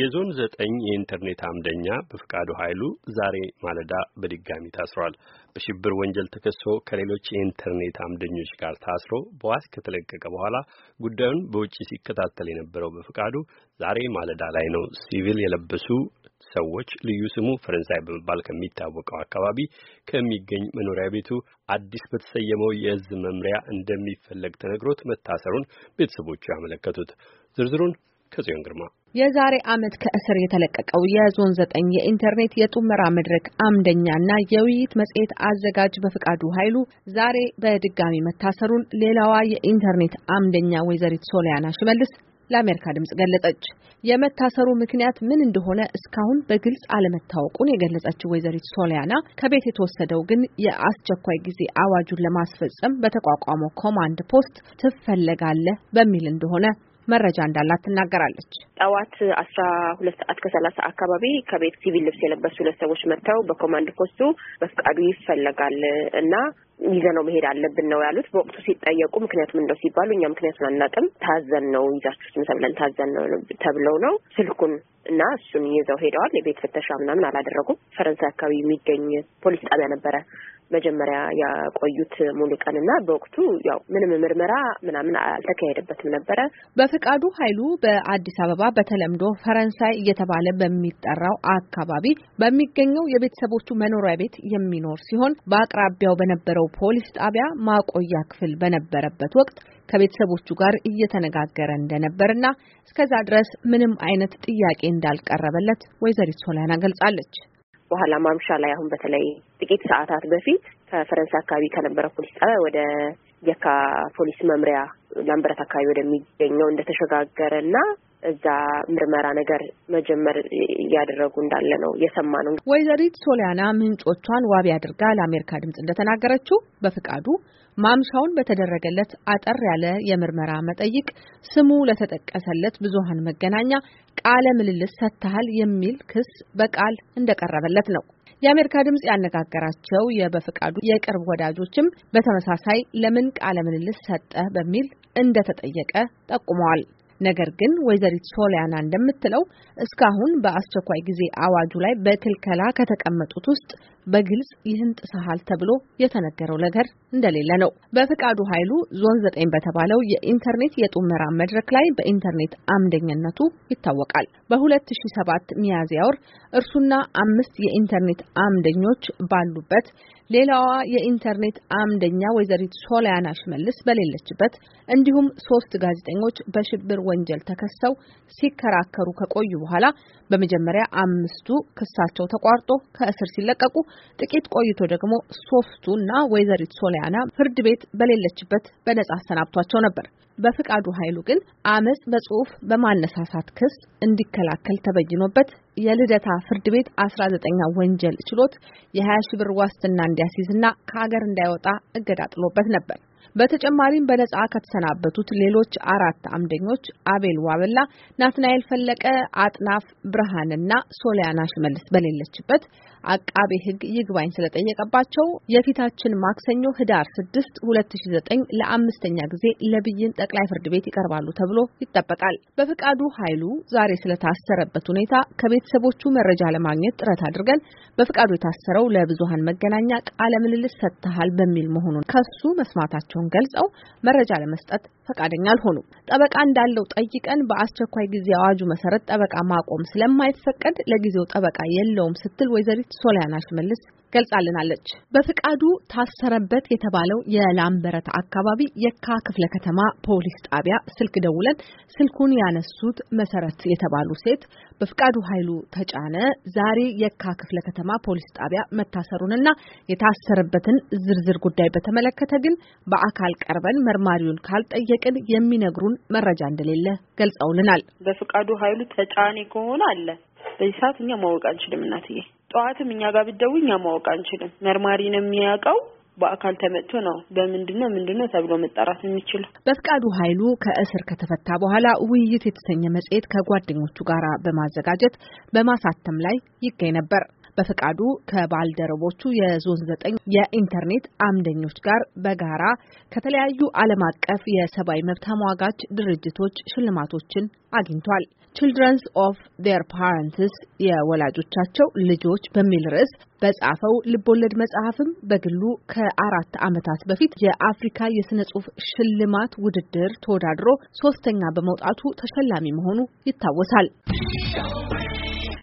የዞን ዘጠኝ የኢንተርኔት አምደኛ በፍቃዱ ኃይሉ ዛሬ ማለዳ በድጋሚ ታስሯል። በሽብር ወንጀል ተከሶ ከሌሎች የኢንተርኔት አምደኞች ጋር ታስሮ በዋስ ከተለቀቀ በኋላ ጉዳዩን በውጭ ሲከታተል የነበረው በፍቃዱ ዛሬ ማለዳ ላይ ነው ሲቪል የለበሱ ሰዎች ልዩ ስሙ ፈረንሳይ በመባል ከሚታወቀው አካባቢ ከሚገኝ መኖሪያ ቤቱ አዲስ በተሰየመው የእዝ መምሪያ እንደሚፈለግ ተነግሮት መታሰሩን ቤተሰቦቹ ያመለከቱት ዝርዝሩን ከዚያን ግርማ የዛሬ ዓመት ከእስር የተለቀቀው የዞን ዘጠኝ የኢንተርኔት የጡመራ መድረክ አምደኛና የውይይት መጽሔት አዘጋጅ በፍቃዱ ኃይሉ ዛሬ በድጋሚ መታሰሩን ሌላዋ የኢንተርኔት አምደኛ ወይዘሪት ሶሊያና ሽመልስ ለአሜሪካ ድምጽ ገለጸች። የመታሰሩ ምክንያት ምን እንደሆነ እስካሁን በግልጽ አለመታወቁን የገለጸችው ወይዘሪት ሶሊያና ከቤት የተወሰደው ግን የአስቸኳይ ጊዜ አዋጁን ለማስፈጸም በተቋቋመው ኮማንድ ፖስት ትፈለጋለህ በሚል እንደሆነ መረጃ እንዳላት ትናገራለች። ጠዋት አስራ ሁለት ሰዓት ከሰላሳ አካባቢ ከቤት ሲቪል ልብስ የለበሱ ሁለት ሰዎች መጥተው በኮማንድ ፖስቱ በፍቃዱ ይፈለጋል እና ይዘነው መሄድ አለብን ነው ያሉት። በወቅቱ ሲጠየቁ ምክንያቱ ምንድነው ሲባሉ እኛ ምክንያቱን አናውቅም፣ ታዘን ነው ይዛችሁትም ተብለን ታዘን ነው ተብለው ነው ስልኩን እና እሱን ይዘው ሄደዋል። የቤት ፍተሻ ምናምን አላደረጉም። ፈረንሳይ አካባቢ የሚገኝ ፖሊስ ጣቢያ ነበረ መጀመሪያ ያቆዩት ሙሉቀን እና በወቅቱ ያው ምንም ምርመራ ምናምን አልተካሄደበትም ነበረ። በፍቃዱ ኃይሉ በአዲስ አበባ በተለምዶ ፈረንሳይ እየተባለ በሚጠራው አካባቢ በሚገኘው የቤተሰቦቹ መኖሪያ ቤት የሚኖር ሲሆን በአቅራቢያው በነበረው ፖሊስ ጣቢያ ማቆያ ክፍል በነበረበት ወቅት ከቤተሰቦቹ ጋር እየተነጋገረ እንደነበርና እስከዛ ድረስ ምንም አይነት ጥያቄ እንዳልቀረበለት ወይዘሪት ሶላያና ገልጻለች። በኋላ ማምሻ ላይ አሁን በተለይ ጥቂት ሰዓታት በፊት ከፈረንሳይ አካባቢ ከነበረ ፖሊስ ጣቢያ ወደ የካ ፖሊስ መምሪያ ላምበረት አካባቢ ወደሚገኘው እንደተሸጋገረ እና እዛ ምርመራ ነገር መጀመር እያደረጉ እንዳለ ነው የሰማ ነው። ወይዘሪት ሶሊያና ምንጮቿን ዋቢ አድርጋ ለአሜሪካ ድምጽ እንደተናገረችው በፍቃዱ ማምሻውን በተደረገለት አጠር ያለ የምርመራ መጠይቅ ስሙ ለተጠቀሰለት ብዙሀን መገናኛ ቃለ ምልልስ ሰጥተሃል የሚል ክስ በቃል እንደቀረበለት ነው። የአሜሪካ ድምጽ ያነጋገራቸው የበፍቃዱ የቅርብ ወዳጆችም በተመሳሳይ ለምን ቃለ ምልልስ ሰጠ በሚል እንደተጠየቀ ጠቁመዋል። ነገር ግን ወይዘሪት ሶሊያና እንደምትለው እስካሁን በአስቸኳይ ጊዜ አዋጁ ላይ በክልከላ ከተቀመጡት ውስጥ በግልጽ ይህን ጥሰሃል ተብሎ የተነገረው ነገር እንደሌለ ነው። በፍቃዱ ኃይሉ ዞን ዘጠኝ በተባለው የኢንተርኔት የጡመራ መድረክ ላይ በኢንተርኔት አምደኝነቱ ይታወቃል። በ2007 ሚያዝያ ወር እርሱና አምስት የኢንተርኔት አምደኞች ባሉበት ሌላዋ የኢንተርኔት አምደኛ ወይዘሪት ሶሊያና ሽመልስ በሌለችበት እንዲሁም ሶስት ጋዜጠኞች በሽብር ወንጀል ተከሰው ሲከራከሩ ከቆዩ በኋላ በመጀመሪያ አምስቱ ክሳቸው ተቋርጦ ከእስር ሲለቀቁ ጥቂት ቆይቶ ደግሞ ሶፍቱ እና ወይዘሪት ሶሊያና ፍርድ ቤት በሌለችበት በነጻ አሰናብቷቸው ነበር። በፍቃዱ ኃይሉ ግን አመጽ በጽሁፍ በማነሳሳት ክስ እንዲከላከል ተበይኖበት የልደታ ፍርድ ቤት 19ኛ ወንጀል ችሎት የ20 ሺህ ብር ዋስትና እንዲያስይዝና ከሀገር እንዳይወጣ እገዳ ጥሎበት ነበር። በተጨማሪም በነጻ ከተሰናበቱት ሌሎች አራት አምደኞች አቤል ዋበላ፣ ናትናኤል ፈለቀ፣ አጥናፍ ብርሃንና ሶሊያና ሽመልስ በሌለችበት አቃቤ ሕግ ይግባኝ ስለጠየቀባቸው የፊታችን ማክሰኞ ህዳር 6 2009 ለአምስተኛ ጊዜ ለብይን ጠቅላይ ፍርድ ቤት ይቀርባሉ ተብሎ ይጠበቃል። በፍቃዱ ኃይሉ ዛሬ ስለታሰረበት ሁኔታ ከቤተሰቦቹ መረጃ ለማግኘት ጥረት አድርገን በፍቃዱ የታሰረው ለብዙሃን መገናኛ ቃለ ምልልስ ሰጥተሃል በሚል መሆኑን ከሱ መስማታቸውን ገልጸው መረጃ ለመስጠት ፈቃደኛ አልሆኑም። ጠበቃ እንዳለው ጠይቀን በአስቸኳይ ጊዜ አዋጁ መሰረት ጠበቃ ማቆም ስለማይፈቀድ ለጊዜው ጠበቃ የለውም ስትል ወይዘሪት ሶሊያና ሽመልስ ገልጻልናለች። በፍቃዱ ታሰረበት የተባለው የላምበረት አካባቢ የካ ክፍለ ከተማ ፖሊስ ጣቢያ ስልክ ደውለን ስልኩን ያነሱት መሰረት የተባሉ ሴት በፍቃዱ ኃይሉ ተጫነ ዛሬ የካ ክፍለ ከተማ ፖሊስ ጣቢያ መታሰሩንና የታሰረበትን ዝርዝር ጉዳይ በተመለከተ ግን በአካል ቀርበን መርማሪውን ካልጠየቅን የሚነግሩን መረጃ እንደሌለ ገልጸውልናል። በፍቃዱ ኃይሉ ተጫኔ ከሆነ አለ በዚህ ሰዓት እኛ ማወቅ አንችልም እናትዬ ጠዋትም እኛ ጋር ብደው እኛ ማወቅ አንችልም። መርማሪ ነው የሚያውቀው። በአካል ተመጥቶ ነው በምንድነው ምንድነው ተብሎ መጣራት የሚችለው። በፍቃዱ ኃይሉ ከእስር ከተፈታ በኋላ ውይይት የተሰኘ መጽሔት ከጓደኞቹ ጋር በማዘጋጀት በማሳተም ላይ ይገኝ ነበር። በፈቃዱ ከባልደረቦቹ የዞን ዘጠኝ የኢንተርኔት አምደኞች ጋር በጋራ ከተለያዩ ዓለም አቀፍ የሰብአዊ መብት ተሟጋች ድርጅቶች ሽልማቶችን አግኝቷል። ችልድረንስ ኦፍ ዴር ፓረንትስ የወላጆቻቸው ልጆች በሚል ርዕስ በጻፈው ልቦለድ መጽሐፍም በግሉ ከአራት ዓመታት በፊት የአፍሪካ የሥነ ጽሑፍ ሽልማት ውድድር ተወዳድሮ ሶስተኛ በመውጣቱ ተሸላሚ መሆኑ ይታወሳል።